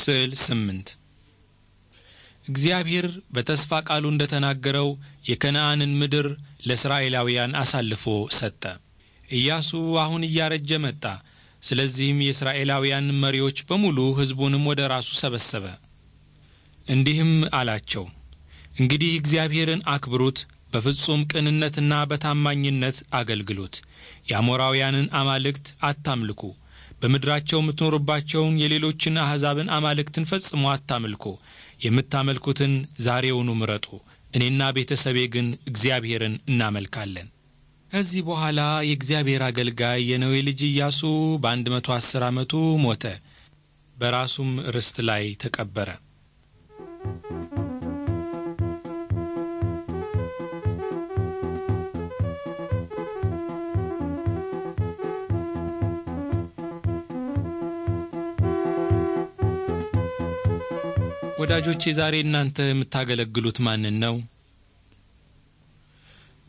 ስዕል ስምንት እግዚአብሔር በተስፋ ቃሉ እንደ ተናገረው የከነአንን ምድር ለእስራኤላውያን አሳልፎ ሰጠ። ኢያሱ አሁን እያረጀ መጣ። ስለዚህም የእስራኤላውያን መሪዎች በሙሉ ሕዝቡንም ወደ ራሱ ሰበሰበ። እንዲህም አላቸው፣ እንግዲህ እግዚአብሔርን አክብሩት፣ በፍጹም ቅንነትና በታማኝነት አገልግሉት። የአሞራውያንን አማልክት አታምልኩ በምድራቸው የምትኖርባቸውን የሌሎችን አሕዛብን አማልክትን ፈጽሞ አታምልኩ። የምታመልኩትን ዛሬውኑ ምረጡ። እኔና ቤተሰቤ ግን እግዚአብሔርን እናመልካለን። ከዚህ በኋላ የእግዚአብሔር አገልጋይ የነዌ ልጅ ኢያሱ በአንድ መቶ አስር ዓመቱ ሞተ፣ በራሱም ርስት ላይ ተቀበረ። ወዳጆቼ ዛሬ እናንተ የምታገለግሉት ማንን ነው?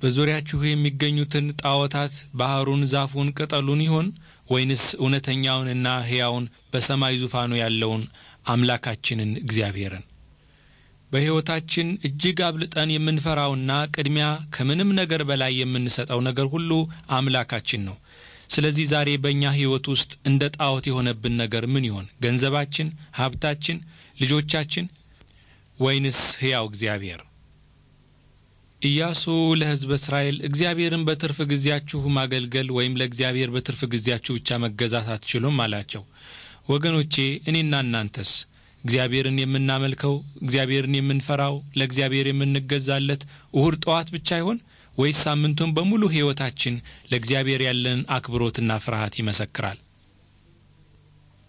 በዙሪያችሁ የሚገኙትን ጣዖታት ባህሩን፣ ዛፉን፣ ቅጠሉን ይሆን ወይንስ እውነተኛውንና ሕያውን በሰማይ ዙፋኑ ያለውን አምላካችንን እግዚአብሔርን? በሕይወታችን እጅግ አብልጠን የምንፈራውና ቅድሚያ ከምንም ነገር በላይ የምንሰጠው ነገር ሁሉ አምላካችን ነው። ስለዚህ ዛሬ በእኛ ህይወት ውስጥ እንደ ጣዖት የሆነብን ነገር ምን ይሆን? ገንዘባችን፣ ሀብታችን፣ ልጆቻችን ወይንስ ሕያው እግዚአብሔር? ኢያሱ ለሕዝብ እስራኤል እግዚአብሔርን በትርፍ ጊዜያችሁ ማገልገል ወይም ለእግዚአብሔር በትርፍ ጊዜያችሁ ብቻ መገዛት አትችሉም አላቸው። ወገኖቼ እኔና እናንተስ እግዚአብሔርን የምናመልከው፣ እግዚአብሔርን የምንፈራው፣ ለእግዚአብሔር የምንገዛለት እሁድ ጠዋት ብቻ ይሆን? ወይስ ሳምንቱን በሙሉ ሕይወታችን ለእግዚአብሔር ያለን አክብሮትና ፍርሃት ይመሰክራል?